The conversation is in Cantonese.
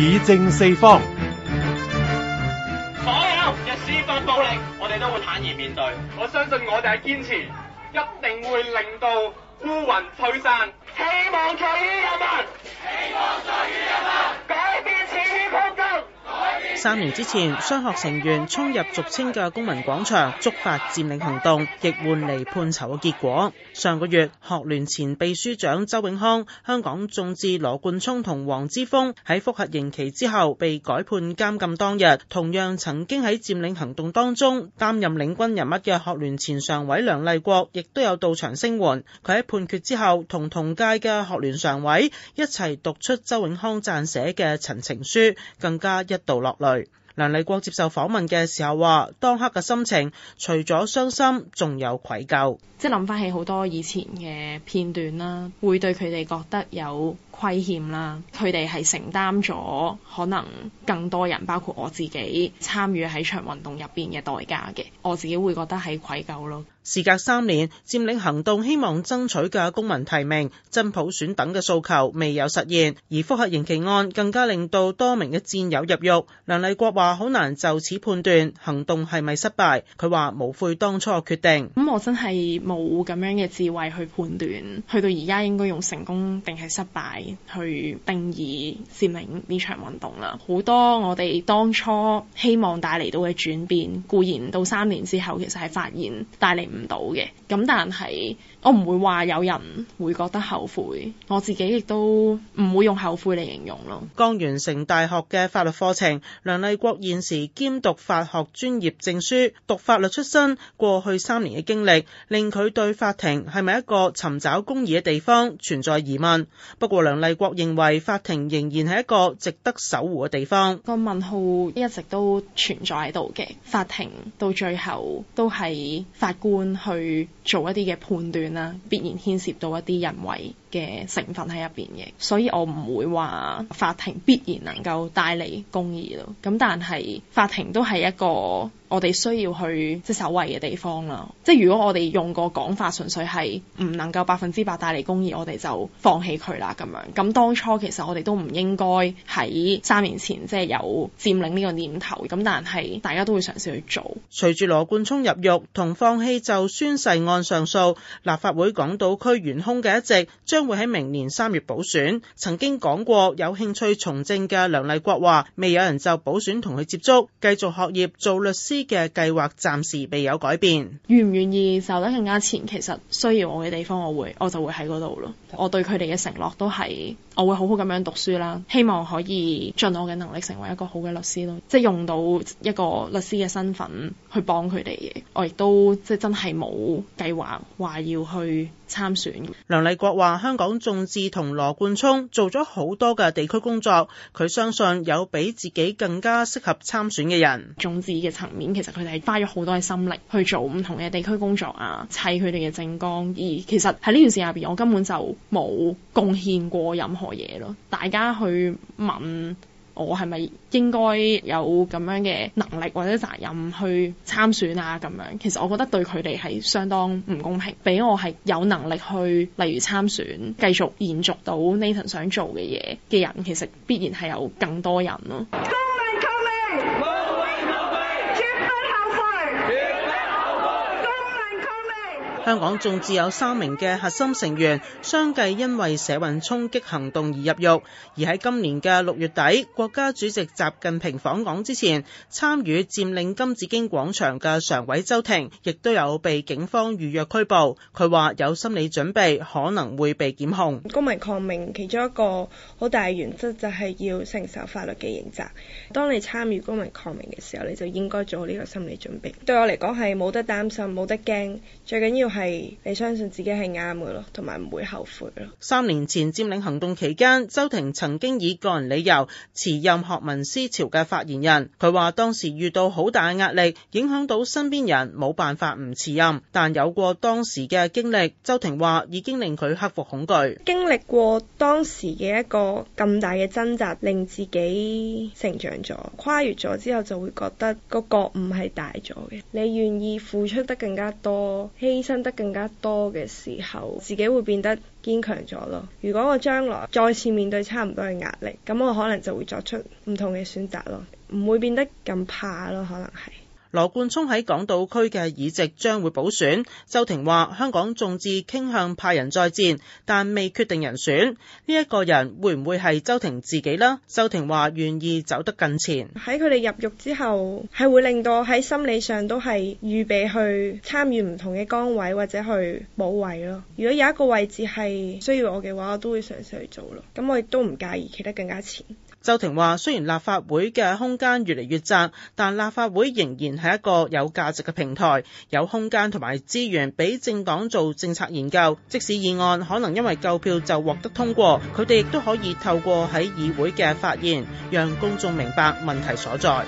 議政四方。所有嘅司法暴力，我哋都會坦然面對。我相信我哋嘅堅持，一定會令到烏雲退散，希望在於人民，希望在於人民。三年之前，雙學成員衝入俗稱嘅公民廣場，觸發佔領行動，亦換嚟判囚嘅結果。上個月，學聯前秘書長周永康、香港眾志羅冠聰同黃之鋒喺覆核刑期之後被改判監禁。當日，同樣曾經喺佔領行動當中擔任領軍人物嘅學聯前常委梁麗幗，亦都有到場聲援。佢喺判決之後，同同屆嘅學聯常委一齊讀出周永康撰寫嘅陳情書，更加一度落淚。梁麗幗接受訪問嘅時候話，當刻嘅心情除咗傷心，仲有愧疚，即係諗翻起好多以前嘅片段啦，會對佢哋覺得有。虧欠啦，佢哋係承擔咗可能更多人，包括我自己參與喺場運動入邊嘅代價嘅，我自己會覺得係愧疚咯。時隔三年，佔領行動希望爭取嘅公民提名、真普選等嘅訴求未有實現，而覆核刑期案更加令到多名嘅戰友入獄。梁麗幗話好難就此判斷行動係咪失敗。佢話無悔當初嘅決定。咁我真係冇咁樣嘅智慧去判斷，去到而家應該用成功定係失敗。去定義佔領呢場運動啦，好多我哋當初希望帶嚟到嘅轉變，固然到三年之後其實係發現帶嚟唔到嘅。咁但係我唔會話有人會覺得後悔，我自己亦都唔會用後悔嚟形容咯。剛完成大學嘅法律課程，梁麗幗現時兼讀法學專業證書，讀法律出身，過去三年嘅經歷令佢對法庭係咪一個尋找公義嘅地方存在疑問。不過梁麗幗認為法庭仍然係一個值得守護嘅地方，個問號一直都存在喺度嘅。法庭到最後都係法官去做一啲嘅判斷啦，必然牽涉到一啲人為嘅成分喺入邊嘅，所以我唔會話法庭必然能夠帶嚟公義咯。咁但係法庭都係一個。我哋需要去即係守衛嘅地方啦，即係如果我哋用個講法，純粹係唔能夠百分之百帶嚟公義，我哋就放棄佢啦咁樣。咁當初其實我哋都唔應該喺三年前即係有佔領呢個念頭，咁但係大家都會嘗試去做。隨住羅冠聰入獄同放棄就宣誓案上訴，立法會港島區議空嘅一席將會喺明年三月補選。曾經講過有興趣從政嘅梁麗幗話：未有人就補選同佢接觸，繼續學業做律師。嘅計劃暫時未有改變，願唔願意走得更加前？其實需要我嘅地方，我會我就會喺嗰度咯。我對佢哋嘅承諾都係，我會好好咁樣讀書啦，希望可以盡我嘅能力成為一個好嘅律師咯，即係用到一個律師嘅身份去幫佢哋。我亦都即真係冇計劃話要去參選。梁麗幗話：香港眾志同羅冠聰做咗好多嘅地區工作，佢相信有比自己更加適合參選嘅人。眾志嘅層面。咁其實佢哋係花咗好多嘅心力去做唔同嘅地區工作啊，砌佢哋嘅政綱，而其實喺呢件事入邊，我根本就冇貢獻過任何嘢咯。大家去問我係咪應該有咁樣嘅能力或者責任去參選啊？咁樣，其實我覺得對佢哋係相當唔公平。俾我係有能力去，例如參選，繼續延續到 Nathan 想做嘅嘢嘅人，其實必然係有更多人咯。香港眾志有三名嘅核心成員相繼因為社運衝擊行動而入獄。而喺今年嘅六月底，國家主席習近平訪港之前，參與佔領金紫荊廣場嘅常委周庭，亦都有被警方預約拘捕。佢話有心理準備可能會被檢控。公民抗命其中一個好大原則就係要承受法律嘅刑責，當你參與公民抗命嘅時候，你就應該做好呢個心理準備。對我嚟講，係冇得擔心、冇得驚，最緊要係，係你相信自己係啱嘅咯，同埋唔會後悔咯。三年前佔領行動期間，周庭曾經以個人理由辭任學民思潮嘅發言人。佢話當時遇到好大嘅壓力，影響到身邊人，冇辦法唔辭任。但有過當時嘅經歷，周庭話已經令佢克服恐懼，經歷過當時嘅一個咁大嘅掙扎，令自己成長咗，跨越咗之後就會覺得個覺悟係大咗嘅。你願意付出得更加多，犧牲。得更加多嘅時候，自己會變得堅強咗咯。如果我將來再次面對差唔多嘅壓力，咁我可能就會作出唔同嘅選擇咯，唔會變得咁怕咯，可能係。羅冠聰喺港島區嘅議席將會補選，周庭話香港眾志傾向派人再戰，但未決定人選，呢一個人會唔會係周庭自己呢？周庭話願意走得更前。喺佢哋入獄之後，係會令到喺心理上都係預備去參與唔同嘅崗位或者去補位咯。如果有一個位置係需要我嘅話，我都會嘗試去做咯。咁我亦都唔介意企得更加前。周庭話：雖然立法會嘅空間越嚟越窄，但立法會仍然係一個有價值嘅平台，有空間同埋資源俾政黨做政策研究。即使議案可能因為夠票就獲得通過，佢哋亦都可以透過喺議會嘅發言，讓公眾明白問題所在。